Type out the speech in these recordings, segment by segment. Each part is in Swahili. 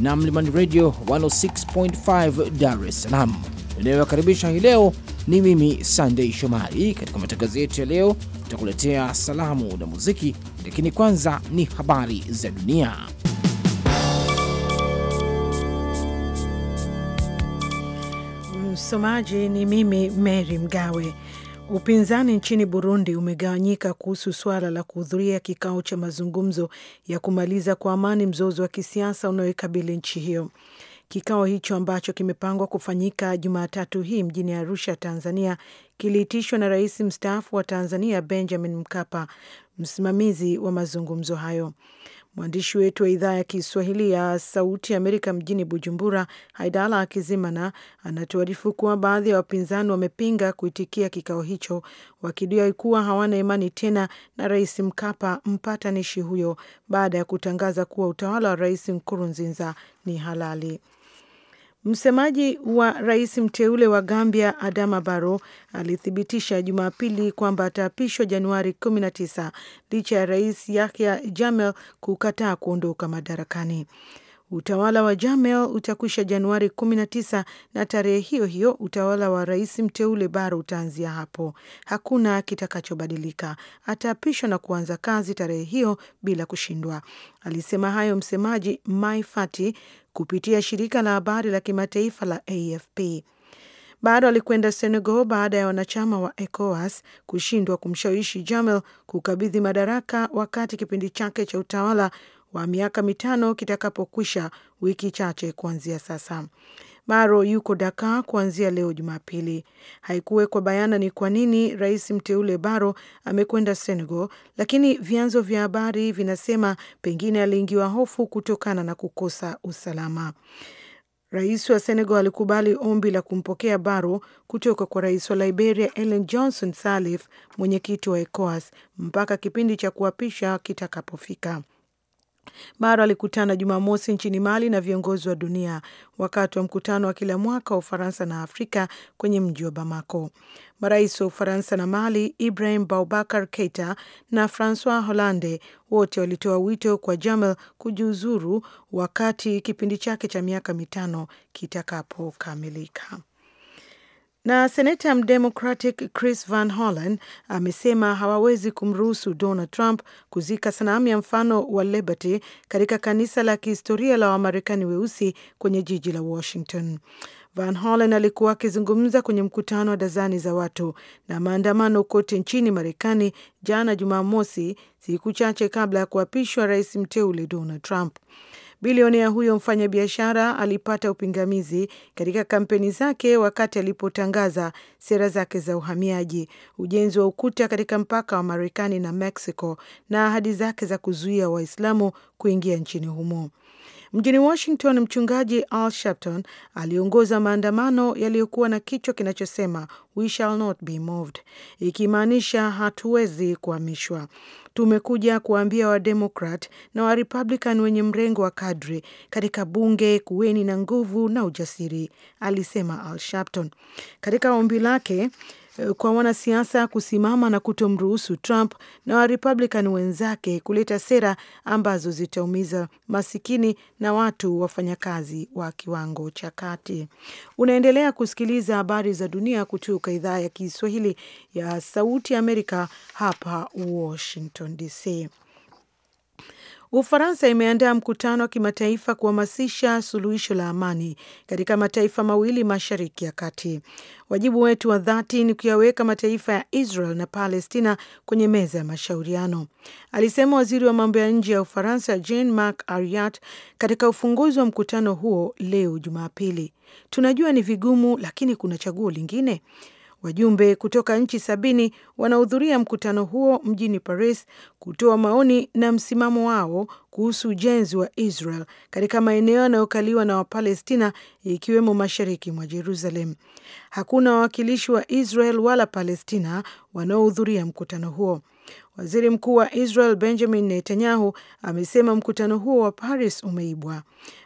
na Mlimani Radio 106.5 Dar es Salaam inayowakaribisha hii leo. Ni mimi Sandei Shomari. Katika matangazo yetu ya leo, tutakuletea salamu na muziki, lakini kwanza ni habari za dunia. Msomaji ni mimi Mary Mgawe. Upinzani nchini Burundi umegawanyika kuhusu suala la kuhudhuria kikao cha mazungumzo ya kumaliza kwa amani mzozo wa kisiasa unaoikabili nchi hiyo. Kikao hicho ambacho kimepangwa kufanyika Jumatatu hii mjini Arusha, Tanzania, kiliitishwa na rais mstaafu wa Tanzania Benjamin Mkapa, msimamizi wa mazungumzo hayo. Mwandishi wetu wa idhaa ya Kiswahili ya Sauti ya Amerika mjini Bujumbura, Haidala Akizimana, anatuarifu kuwa baadhi ya wapinzani wamepinga kuitikia kikao hicho, wakidai kuwa hawana imani tena na Rais Mkapa, mpatanishi huyo, baada ya kutangaza kuwa utawala wa Rais Nkurunziza ni halali. Msemaji wa rais mteule wa Gambia, Adama Barrow, alithibitisha Jumapili kwamba ataapishwa Januari 19 licha ya rais Yahya Jammeh kukataa kuondoka madarakani. Utawala wa Jammeh utakwisha Januari 19 na tarehe hiyo hiyo utawala wa rais mteule Barrow utaanzia hapo. Hakuna kitakachobadilika, ataapishwa na kuanza kazi tarehe hiyo bila kushindwa. Alisema hayo msemaji Mai kupitia shirika la habari la kimataifa la AFP. Bado alikwenda Senegal baada ya wanachama wa ECOWAS kushindwa kumshawishi Jamel kukabidhi madaraka wakati kipindi chake cha utawala wa miaka mitano kitakapokwisha wiki chache kuanzia sasa baro yuko Dakar kuanzia leo Jumapili. Haikuwekwa bayana ni kwa nini rais mteule Baro amekwenda Senegal, lakini vyanzo vya habari vinasema pengine aliingiwa hofu kutokana na kukosa usalama. Rais wa Senegal alikubali ombi la kumpokea Baro kutoka kwa rais wa Liberia Ellen Johnson Sirleaf, mwenyekiti wa ECOWAS, mpaka kipindi cha kuapisha kitakapofika. Barro alikutana Jumamosi nchini Mali na viongozi wa dunia wakati wa mkutano wa kila mwaka wa Ufaransa na Afrika kwenye mji wa Bamako. Marais wa Ufaransa na Mali, Ibrahim baubakar Keita na Francois Hollande, wote walitoa wito kwa Jamel kujiuzuru wakati kipindi chake cha miaka mitano kitakapokamilika. Na seneta mdemocratic Chris Van Hollen amesema hawawezi kumruhusu Donald Trump kuzika sanamu ya mfano wa Liberty katika kanisa la kihistoria la Wamarekani weusi kwenye jiji la Washington. Van Hollen alikuwa akizungumza kwenye mkutano wa dazani za watu na maandamano kote nchini Marekani jana Jumamosi, siku chache kabla ya kuapishwa rais mteule Donald Trump. Bilionea huyo mfanyabiashara alipata upingamizi katika kampeni zake wakati alipotangaza sera zake za uhamiaji, ujenzi wa ukuta katika mpaka wa Marekani na Mexico na ahadi zake za kuzuia Waislamu kuingia nchini humo. Mjini Washington, mchungaji Al Sharpton aliongoza maandamano yaliyokuwa na kichwa kinachosema We shall not be moved, ikimaanisha hatuwezi kuhamishwa. Tumekuja kuwaambia Wademokrat na Warepublican wenye mrengo wa kadri katika bunge, kuweni na nguvu na ujasiri, alisema Al Sharpton katika ombi lake. Eh, kwa wanasiasa kusimama na kutomruhusu Trump na Warepublican wenzake kuleta sera ambazo zitaumiza masikini na watu wafanyakazi wa kiwango cha kati. Unaendelea kusikiliza habari za dunia kutoka idhaa ya Kiswahili ya Sauti ya Amerika hapa Washington DC. Ufaransa imeandaa mkutano wa kimataifa kuhamasisha suluhisho la amani katika mataifa mawili mashariki ya kati. Wajibu wetu wa dhati ni kuyaweka mataifa ya Israel na Palestina kwenye meza ya mashauriano, alisema waziri wa mambo ya nje ya Ufaransa Jean Marc Ayrault katika ufunguzi wa mkutano huo leo Jumapili. Tunajua ni vigumu, lakini kuna chaguo lingine. Wajumbe kutoka nchi sabini wanahudhuria mkutano huo mjini Paris kutoa maoni na msimamo wao kuhusu ujenzi wa Israel katika maeneo yanayokaliwa na Wapalestina ikiwemo mashariki mwa Jerusalem. Hakuna wawakilishi wa Israel wala Palestina wanaohudhuria mkutano huo. Waziri Mkuu wa Israel Benjamin Netanyahu amesema mkutano huo wa Paris umeibwa.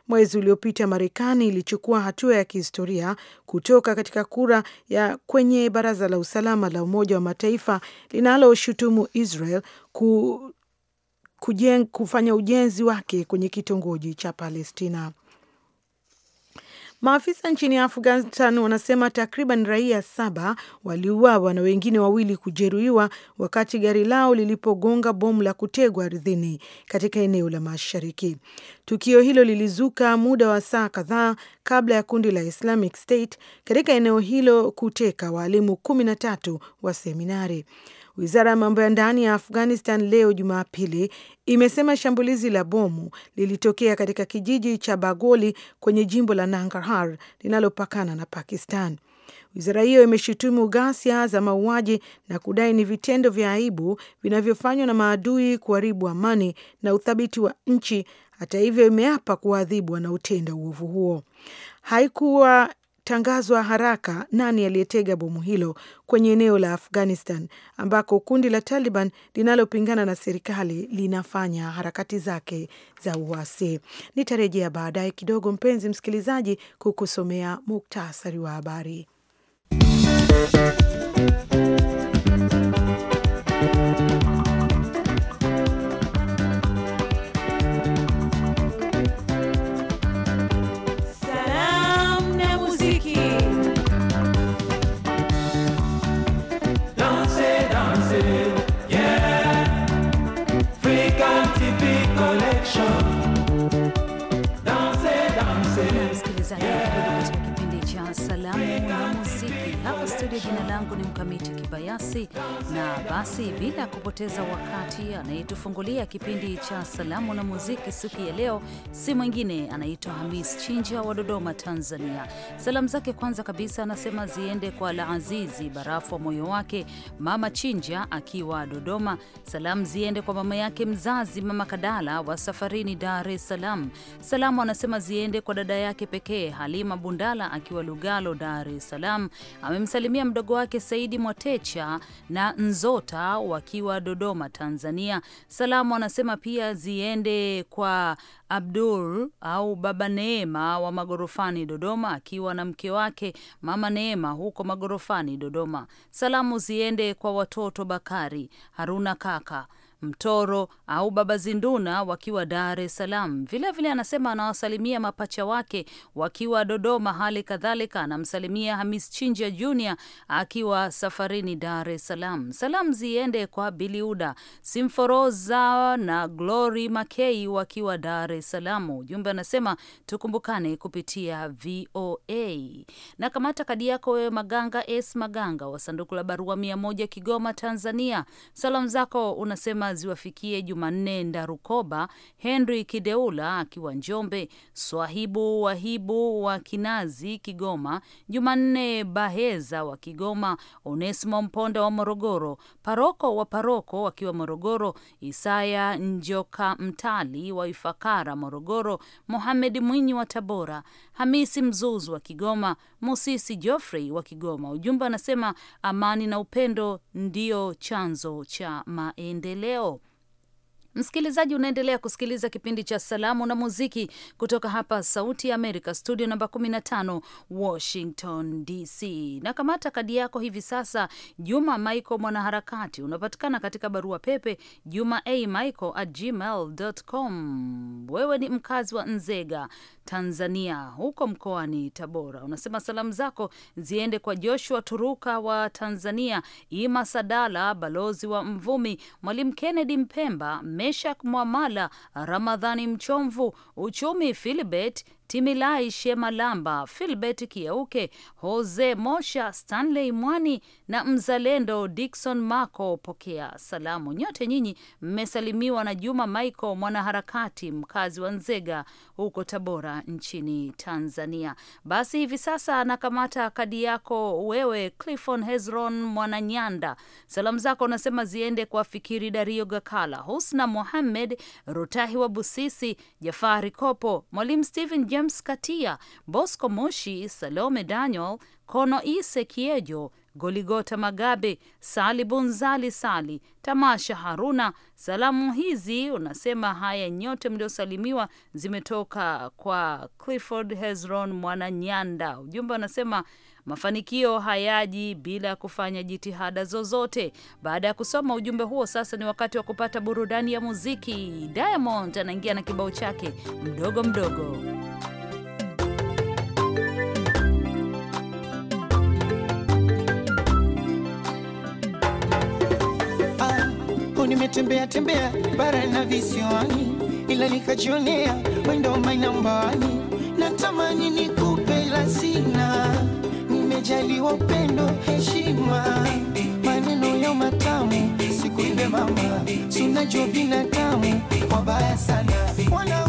Mwezi uliopita, Marekani ilichukua hatua ya kihistoria kutoka katika kura ya kwenye Baraza la Usalama la Umoja wa Mataifa linaloshutumu Israel ku, kujen, kufanya ujenzi wake kwenye kitongoji cha Palestina. Maafisa nchini Afghanistan wanasema takriban raia saba waliuawa na wengine wawili kujeruhiwa wakati gari lao lilipogonga bomu la kutegwa ardhini katika eneo la mashariki. Tukio hilo lilizuka muda wa saa kadhaa kabla ya kundi la Islamic State katika eneo hilo kuteka waalimu kumi na tatu wa seminari. Wizara ya mambo ya ndani ya Afghanistan leo Jumapili imesema shambulizi la bomu lilitokea katika kijiji cha Bagoli kwenye jimbo la Nangarhar linalopakana na Pakistan. Wizara hiyo imeshutumu ghasia za mauaji na kudai ni vitendo vya aibu vinavyofanywa na maadui kuharibu amani na uthabiti wa nchi. Hata hivyo, imeapa kuwaadhibu wanaotenda uovu huo. Haikuwa tangazwa haraka nani aliyetega bomu hilo kwenye eneo la Afghanistan ambako kundi la Taliban linalopingana na serikali linafanya harakati zake za uasi. Nitarejea baadaye kidogo, mpenzi msikilizaji, kukusomea muktasari wa habari. Selam ve studio. Jina langu ni Mkamiti Kibayasi, na basi bila kupoteza wakati, anayetufungulia kipindi cha salamu na muziki siku ya leo si mwingine anaitwa Hamis Chinja wa Dodoma, Tanzania. Salamu zake kwanza kabisa anasema ziende kwa Azizi Barafu wa moyo wake, mama Chinja akiwa Dodoma. Salamu ziende kwa mama yake mzazi, mama Kadala wa safarini Dar es Salaam. Salamu anasema ziende kwa dada yake pekee Halima Bundala akiwa Lugalo, Dar es Salaam. Amemsalimia amemsalimia mdogo wake Saidi Mwatecha na Nzota wakiwa Dodoma, Tanzania. Salamu anasema pia ziende kwa Abdul au Baba Neema wa Magorofani Dodoma, akiwa na mke wake Mama Neema huko Magorofani Dodoma. Salamu ziende kwa watoto Bakari Haruna, kaka Mtoro au Baba Zinduna wakiwa Dar es Salaam. Vilevile anasema anawasalimia mapacha wake wakiwa Dodoma, hali kadhalika anamsalimia Hamis Chinja Junior akiwa safarini Dar es Salaam. Salamu ziende kwa Biliuda Simforoza na Glory Makei wakiwa Dar es Salaam. Ujumbe anasema tukumbukane kupitia VOA. Na kamata kadi yako wewe, Maganga S Maganga wa sanduku la barua mia moja, Kigoma, Tanzania. Salamu zako unasema ziwafikie Jumanne Ndarukoba, Henry Kideula akiwa Njombe, Swahibu Wahibu wa Kinazi Kigoma, Jumanne Baheza wa Kigoma, Onesimo Mponda wa Morogoro, paroko wa paroko akiwa Morogoro, Isaya Njoka Mtali wa Ifakara Morogoro, Mohamed Mwinyi wa Tabora, Hamisi Mzuzu wa Kigoma, Musisi Geoffrey wa Kigoma. Ujumbe anasema amani na upendo ndio chanzo cha maendeleo. Msikilizaji, unaendelea kusikiliza kipindi cha Salamu na Muziki kutoka hapa Sauti ya Amerika, studio namba 15 Washington DC. Na kamata kadi yako hivi sasa, Juma Michael mwanaharakati. Unapatikana katika barua pepe juma a michael at gmail com. Wewe ni mkazi wa Nzega, Tanzania, huko mkoani Tabora. Unasema salamu zako ziende kwa Joshua Turuka wa Tanzania, Ima Sadala, balozi wa Mvumi, Mwalimu Kennedy Mpemba Meshak Mwamala, Ramadhani Mchomvu, Uchumi Filibet, Timilai Shemalamba, Filbert Kiauke, Jose Mosha, Stanley Mwani na mzalendo Dikson Mako. Pokea salamu nyote nyinyi, mmesalimiwa na Juma Michael, mwanaharakati mkazi wa Nzega huko Tabora nchini Tanzania. Basi hivi sasa nakamata kadi yako wewe, Clifon Hezron Mwananyanda. Salamu zako unasema ziende kwa Fikiri Dario Gakala, Husna Mohamed Rutahi wa Busisi, Jafari Kopo, Mwalimu Steven James Katia, Bosco Moshi, Salome Daniel, Kono Ise Kiejo, Goligota Magabe, Sali Bunzali, Sali Tamasha, Haruna. Salamu hizi unasema haya nyote mliosalimiwa zimetoka kwa Clifford Hezron mwana nyanda Ujumbe unasema mafanikio hayaji bila kufanya jitihada zozote. Baada ya kusoma ujumbe huo, sasa ni wakati wa kupata burudani ya muziki. Diamond anaingia na kibao chake mdogo mdogo. nimetembea tembea bara na visiwani, ila nikajionea wendo na Natamani nikupe la sina, nimejaliwa upendo, heshima, maneno ya matamu, sikuibe mama, sunajua binadamu wabaya sana Wana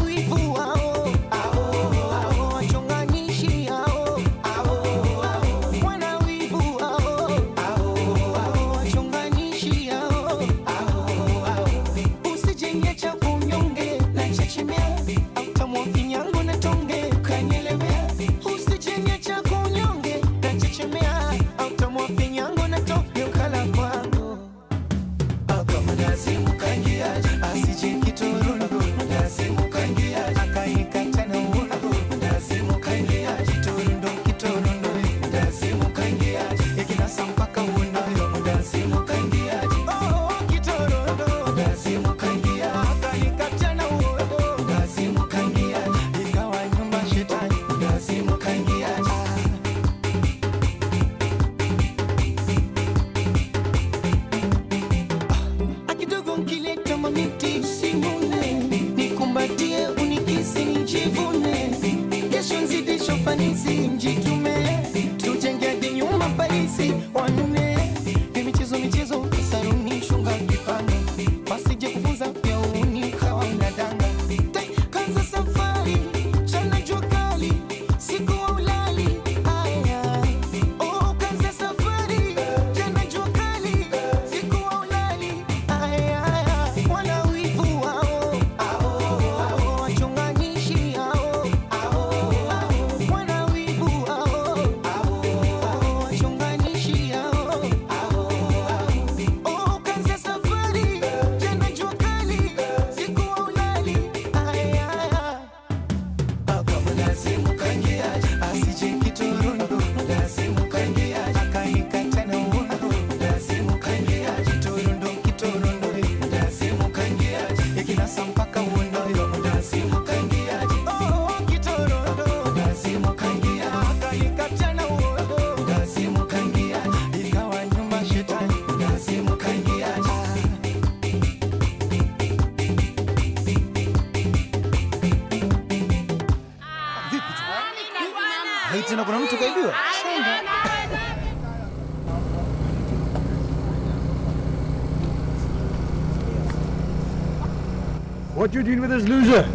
What you doing with this loser?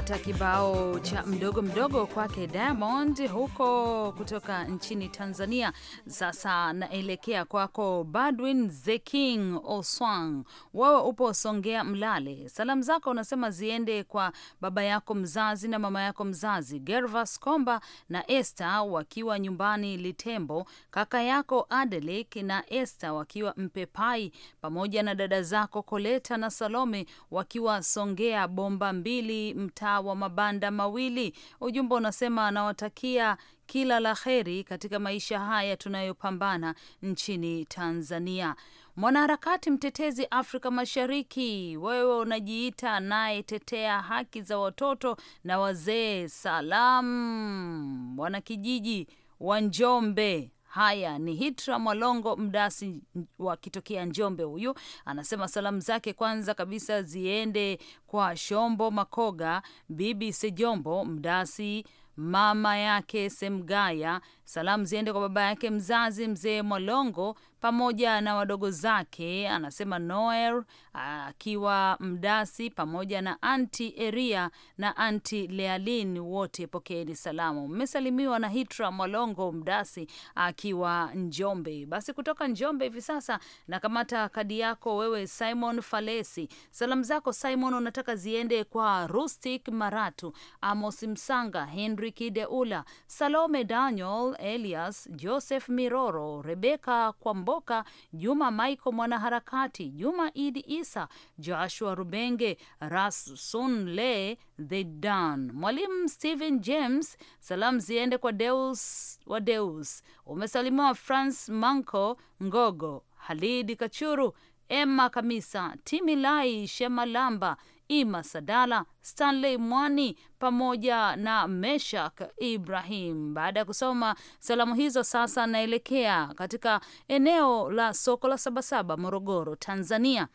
kupata kibao cha mdogo mdogo kwake Diamond huko kutoka nchini Tanzania. Sasa naelekea kwako Badwin the King Oswang, wewe upo Songea Mlale. Salamu zako unasema ziende kwa baba yako mzazi na mama yako mzazi Gervas Komba na Esther wakiwa nyumbani Litembo, kaka yako Adelik na Esther wakiwa Mpepai, pamoja na dada zako Koleta na Salome wakiwa Songea Bomba mbili mta mtaa wa mabanda mawili. Ujumbe unasema anawatakia kila la heri katika maisha haya tunayopambana nchini Tanzania. Mwanaharakati mtetezi Afrika Mashariki, wewe unajiita anayetetea haki za watoto na wazee, Salam, wanakijiji wa Njombe Haya ni Hitra Mwalongo Mdasi wakitokea Njombe. Huyu anasema salamu zake kwanza kabisa ziende kwa Shombo Makoga, Bibi Sejombo Mdasi, mama yake Semgaya Salamu ziende kwa baba yake mzazi mzee Mwalongo pamoja na wadogo zake, anasema Noel akiwa Mdasi pamoja na anti Eria na anti Lealin, wote pokeeni salamu. Mmesalimiwa na Hitra Mwalongo Mdasi akiwa Njombe. Basi kutoka Njombe hivi sasa nakamata kadi yako wewe, Simon Falesi. Salamu zako Simon unataka ziende kwa Rustic Maratu, Amos Msanga, Henrik Deula, Salome Daniel Elias, Joseph Miroro, Rebeka Kwamboka, Juma Michael mwanaharakati, Juma Idi Isa, Joshua Rubenge, Rasun Le The Dan, Mwalimu Stephen James. Salamu ziende kwa Deus wa Deus, umesalimiwa France Manco Ngogo, Halidi Kachuru, Emma Kamisa, Timilai Shemalamba, Ima Sadala, Stanley Mwani pamoja na Meshak Ibrahim. Baada ya kusoma salamu hizo, sasa naelekea katika eneo la soko la Sabasaba, Morogoro, Tanzania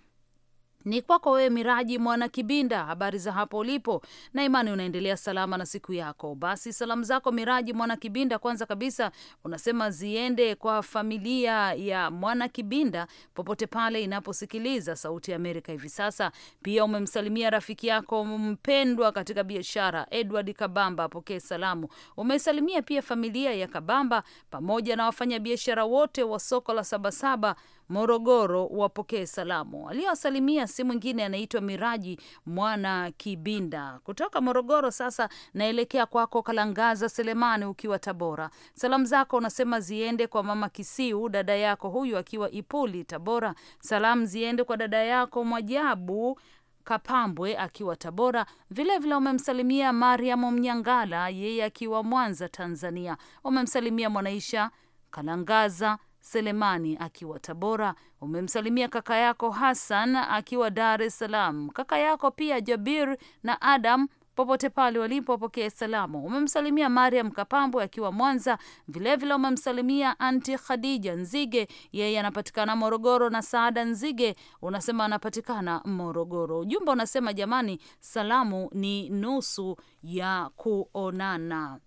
ni kwako wewe Miraji Mwana Kibinda, habari za hapo ulipo, na imani unaendelea salama na siku yako. Basi salamu zako Miraji Mwana Kibinda, kwanza kabisa unasema ziende kwa familia ya Mwana Kibinda popote pale inaposikiliza Sauti ya Amerika hivi sasa. Pia umemsalimia rafiki yako mpendwa katika biashara Edward Kabamba, apokee salamu. Umesalimia pia familia ya Kabamba pamoja na wafanyabiashara wote wa soko la Sabasaba Morogoro wapokee salamu. Aliyowasalimia si mwingine anaitwa Miraji Mwana Kibinda kutoka Morogoro. Sasa naelekea kwako Kalangaza Selemani, ukiwa Tabora. Salamu zako unasema ziende kwa mama Kisiu, dada yako huyu akiwa Ipuli, Tabora. Salamu ziende kwa dada yako Mwajabu Kapambwe akiwa Tabora. Vilevile umemsalimia Mariam Mnyangala, yeye akiwa Mwanza, Tanzania. Umemsalimia Mwanaisha Kalangaza Selemani akiwa Tabora, umemsalimia kaka yako Hassan akiwa Dar es Salaam, kaka yako pia Jabir na Adam popote pale walipo wapokee salamu. Umemsalimia Mariam Kapambwe akiwa Mwanza, vilevile umemsalimia anti Khadija Nzige, yeye anapatikana Morogoro, na Saada Nzige unasema anapatikana Morogoro. Ujumbe unasema jamani, salamu ni nusu ya kuonana.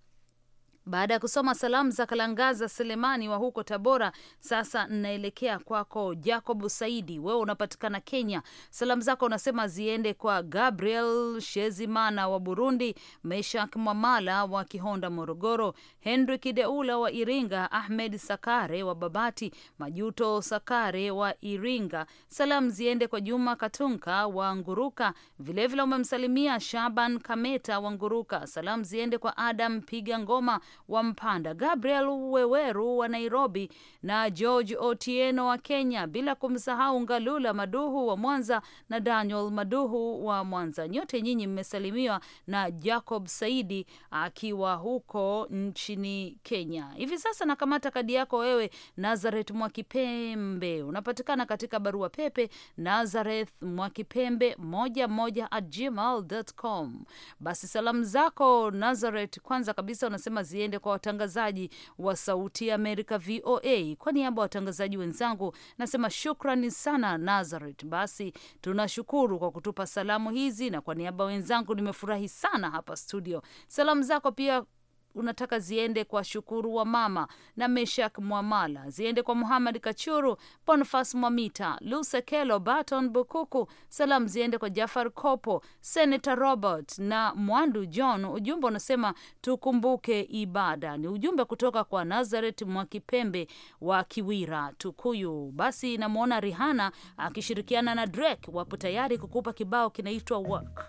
Baada ya kusoma salamu za Kalangaza Selemani wa huko Tabora, sasa naelekea kwako Jacob Saidi, wewe unapatikana Kenya. Salamu zako unasema ziende kwa Gabriel Shezimana wa Burundi, Meshak Mwamala wa Kihonda, Morogoro, Henry Kideula wa Iringa, Ahmed Sakare wa Babati, Majuto Sakare wa Iringa. Salamu ziende kwa Juma Katunka wa Nguruka, vilevile umemsalimia Shaban Kameta wa Nguruka. Salamu ziende kwa Adam Piga Ngoma wa Mpanda, Gabriel Weweru wa Nairobi na George Otieno wa Kenya, bila kumsahau Ngalula Maduhu wa Mwanza na Daniel Maduhu wa Mwanza. Nyote nyinyi mmesalimiwa na Jacob Saidi akiwa huko nchini Kenya. Hivi sasa nakamata kadi yako wewe, Nazareth Mwakipembe, unapatikana katika barua pepe Nazareth Mwakipembe moja moja at gmail.com. Basi salamu zako Nazareth, kwanza kabisa unasema zie ziende kwa watangazaji wa Sauti ya Amerika VOA. Kwa niaba ya watangazaji wenzangu nasema shukrani sana Nazareth. Basi tunashukuru kwa kutupa salamu hizi, na kwa niaba wenzangu nimefurahi sana hapa studio. Salamu zako pia unataka ziende kwa Shukuru wa Mama na Meshak Mwamala, ziende kwa Muhamad Kachuru, Bonfas Mwamita, Lusekelo Barton Bukuku. Salamu ziende kwa Jafar Kopo, Senata Robert na Mwandu John. Ujumbe unasema tukumbuke ibada. Ni ujumbe kutoka kwa Nazaret Mwakipembe wa Kiwira, Tukuyu. Basi namwona Rihana akishirikiana na Drake wapo tayari kukupa kibao kinaitwa Work.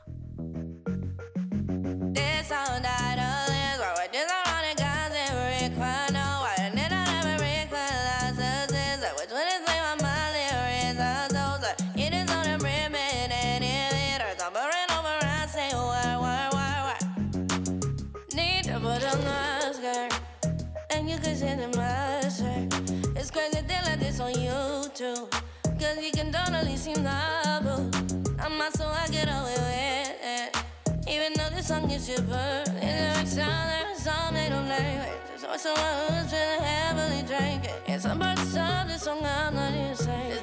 someone feeling heavily drinking. And somebody sung this song i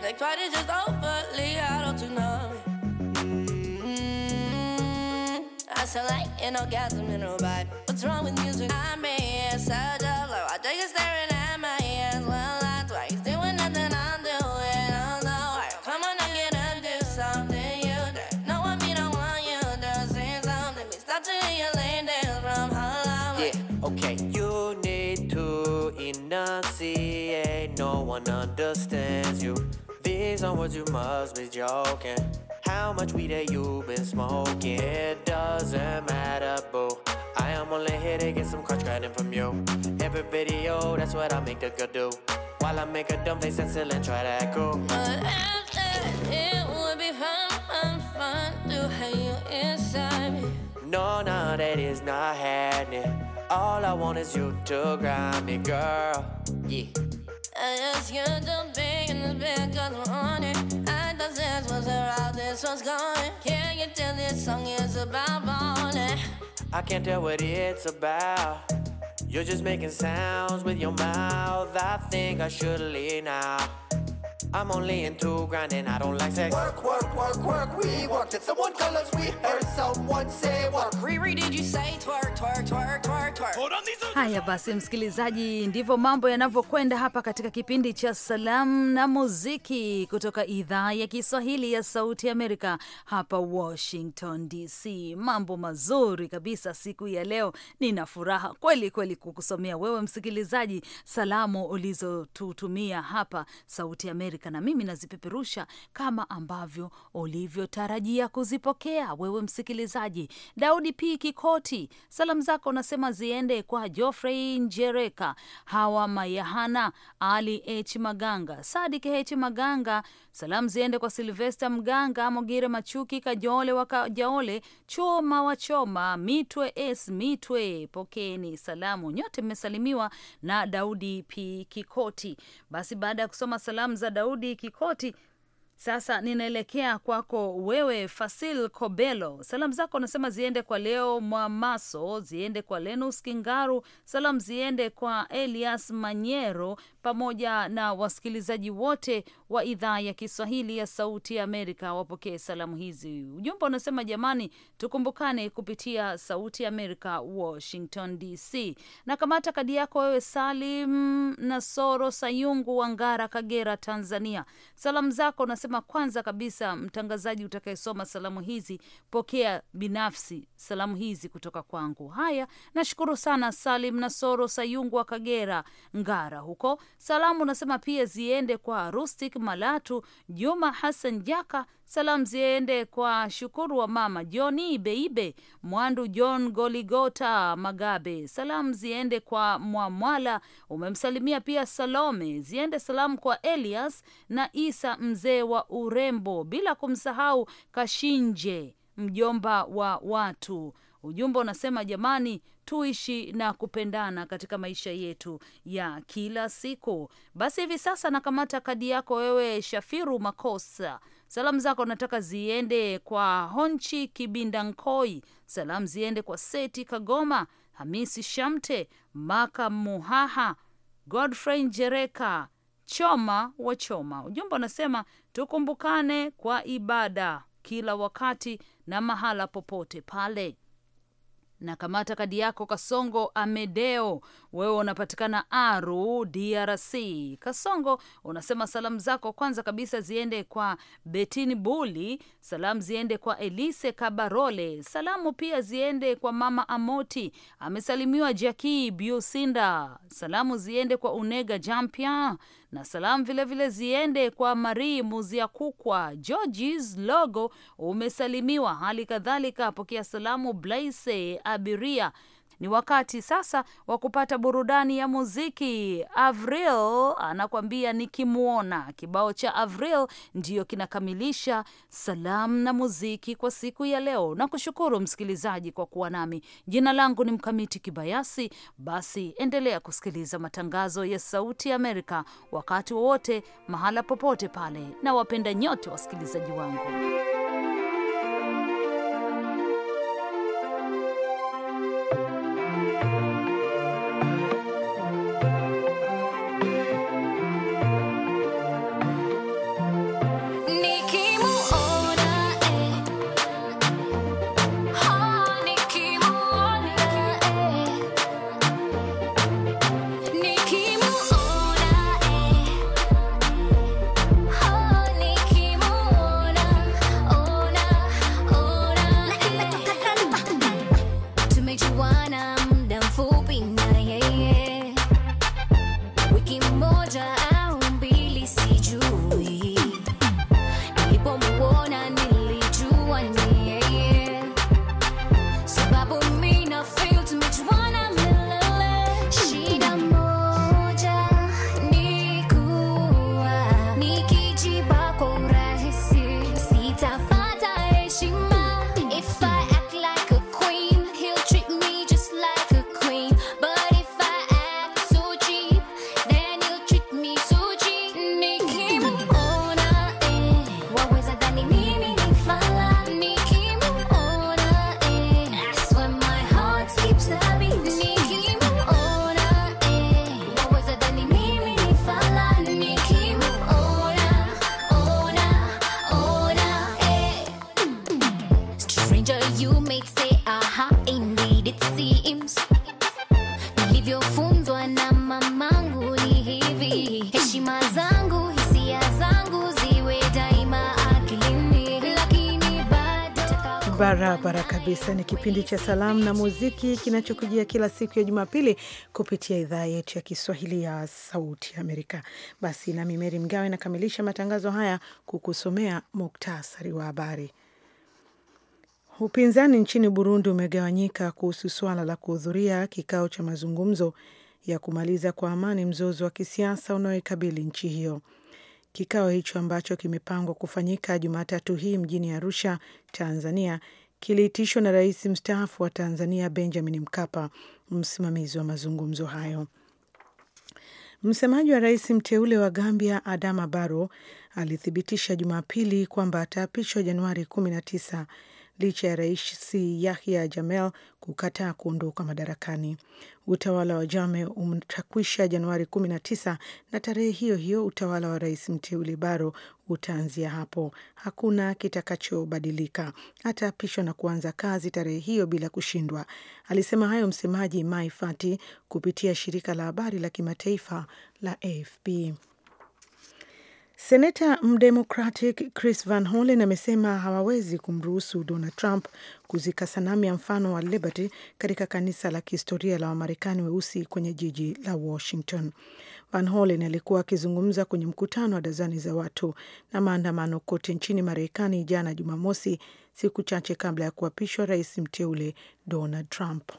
next party's just overly out mm-hmm. I sound like an orgasm in a What's wrong with music? I'm such a understands you. These are words you must be joking. How much weed have you been smoking? It doesn't matter, boo. I am only here to get some crutch grinding from you. Every video, that's what I make the girl do. While I make a dumb face and still and try to act cool. But after it would be fun, fun, fun to have you inside me. No, no, that is not happening. All I want is you to grind me, girl. Yeah. I just used to be in this bed i I'm I thought this was this was going. Can you tell this song is about I can't tell what it's about. You're just making sounds with your mouth. I think I should leave now. I'm only into grinding, I don't like sex. Work, work, work, work, we work. Did someone us? we heard someone say work. Riri, did you say twerk, twerk, twerk, twerk, twerk? Hold on these Haya basi, msikilizaji, ndivyo mambo yanavyokwenda hapa katika kipindi cha salamu na muziki kutoka idhaa ya Kiswahili ya Sauti Amerika hapa Washington DC. Mambo mazuri kabisa siku ya leo, nina furaha kweli kweli kukusomea wewe msikilizaji salamu ulizotutumia hapa Sauti Amerika Amerika, na mimi nazipeperusha kama ambavyo ulivyotarajia kuzipokea wewe msikilizaji. Daudi P Kikoti, salamu zako unasema ziende kwa Geoffrey Njereka, Hawa Mayahana, Ali H Maganga, Sadik H Maganga, Salamu ziende kwa Silvesta Mganga, Mogire Machuki, Kajole wa Kajole, Choma wa Choma, Mitwe es Mitwe. Pokeni salamu nyote, mmesalimiwa na Daudi P Kikoti. Basi baada ya kusoma salamu za Daudi Kikoti sasa ninaelekea kwako wewe Fasil Kobelo. Salamu zako unasema ziende kwa Leo Mwamaso, ziende kwa Lenus Kingaru, salamu ziende kwa Elias Manyero pamoja na wasikilizaji wote wa idhaa ya Kiswahili ya Sauti ya Amerika, wapokee salamu hizi. Ujumbe unasema jamani, tukumbukane kupitia Sauti ya Amerika, Washington DC. Na kamata kadi yako wewe Salim Nasoro Sayungu, Wangara, Kagera, Tanzania. Salamu zako unasema anasema kwanza kabisa, mtangazaji utakayesoma salamu hizi, pokea binafsi salamu hizi kutoka kwangu. Haya, nashukuru sana Salim Nasoro Sayungu wa Kagera Ngara huko. Salamu nasema pia ziende kwa Rustic Malatu, Juma Hassan Jaka. Salamu ziende kwa Shukuru wa mama Joni Beibe Mwandu, John Goligota Magabe. Salamu ziende kwa Mwamwala, umemsalimia pia Salome. Ziende salamu kwa Elias na Isa mzee wa wa urembo, bila kumsahau Kashinje, mjomba wa watu. Ujumbe unasema jamani, tuishi na kupendana katika maisha yetu ya kila siku. Basi hivi sasa nakamata kadi yako wewe, Shafiru Makosa. Salamu zako nataka ziende kwa Honchi Kibinda Nkoi, salamu ziende kwa Seti Kagoma, Hamisi Shamte, Maka Muhaha, Godfrey Njereka, choma wachoma. Ujumbe unasema tukumbukane kwa ibada kila wakati na mahala popote pale. Na kamata kadi yako Kasongo Amedeo, wewe unapatikana Aru, DRC. Kasongo unasema salamu zako kwanza kabisa ziende kwa Betini Buli, salamu ziende kwa Elise Kabarole, salamu pia ziende kwa mama Amoti, amesalimiwa Jaki Biusinda, salamu ziende kwa Unega Jampia na salamu vilevile ziende kwa Muzia kukwa Georges Logo umesalimiwa, hali kadhalika pokea salamu Blaise Abiria ni wakati sasa wa kupata burudani ya muziki. Avril anakuambia nikimwona. Kibao cha Avril ndiyo kinakamilisha salamu na muziki kwa siku ya leo, na kushukuru msikilizaji kwa kuwa nami. Jina langu ni Mkamiti Kibayasi. Basi endelea kusikiliza matangazo ya Sauti Amerika wakati wowote, mahala popote pale, na wapenda nyote wasikilizaji wangu. kabisa ni kipindi cha salamu na muziki kinachokujia kila siku ya Jumapili kupitia idhaa yetu ya Kiswahili ya Sauti Amerika. Basi nami Meri Mgawe nakamilisha matangazo haya kukusomea muktasari wa habari. Upinzani nchini Burundi umegawanyika kuhusu swala la kuhudhuria kikao cha mazungumzo ya kumaliza kwa amani mzozo wa kisiasa unaoikabili nchi hiyo. Kikao hicho ambacho kimepangwa kufanyika Jumatatu hii mjini Arusha, Tanzania, kiliitishwa na rais mstaafu wa Tanzania Benjamin Mkapa, msimamizi wa mazungumzo hayo. Msemaji wa rais mteule wa Gambia Adama Barrow alithibitisha Jumapili kwamba ataapishwa Januari kumi na tisa licha ya Rais Yahya jamel kukataa kuondoka madarakani. Utawala wa jame utakwisha Januari 19 na tarehe hiyo hiyo utawala wa rais mteule baro utaanzia hapo. Hakuna kitakachobadilika, ataapishwa na kuanza kazi tarehe hiyo bila kushindwa. Alisema hayo msemaji Mai Fati kupitia shirika la habari la kimataifa la AFP. Seneta mdemocratic Chris Van Hollen amesema hawawezi kumruhusu Donald Trump kuzika sanamu ya mfano wa Liberty katika kanisa la kihistoria la Wamarekani weusi kwenye jiji la Washington. Van Hollen alikuwa akizungumza kwenye mkutano wa dazani za watu na maandamano kote nchini Marekani jana Jumamosi, siku chache kabla ya kuapishwa rais mteule Donald Trump.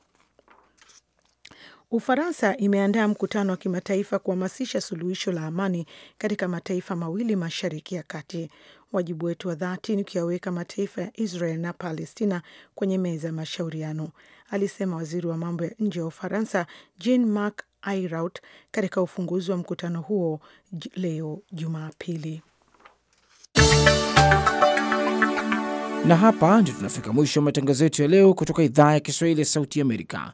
Ufaransa imeandaa mkutano wa kimataifa kuhamasisha suluhisho la amani katika mataifa mawili mashariki ya kati. Wajibu wetu wa dhati ni kuyaweka mataifa ya Israel na Palestina kwenye meza ya mashauriano, alisema waziri wa mambo ya nje wa Ufaransa Jean Marc Ayrault katika ufunguzi wa mkutano huo leo Jumapili. Na hapa ndio tunafika mwisho wa matangazo yetu ya leo kutoka idhaa ya Kiswahili ya Sauti Amerika.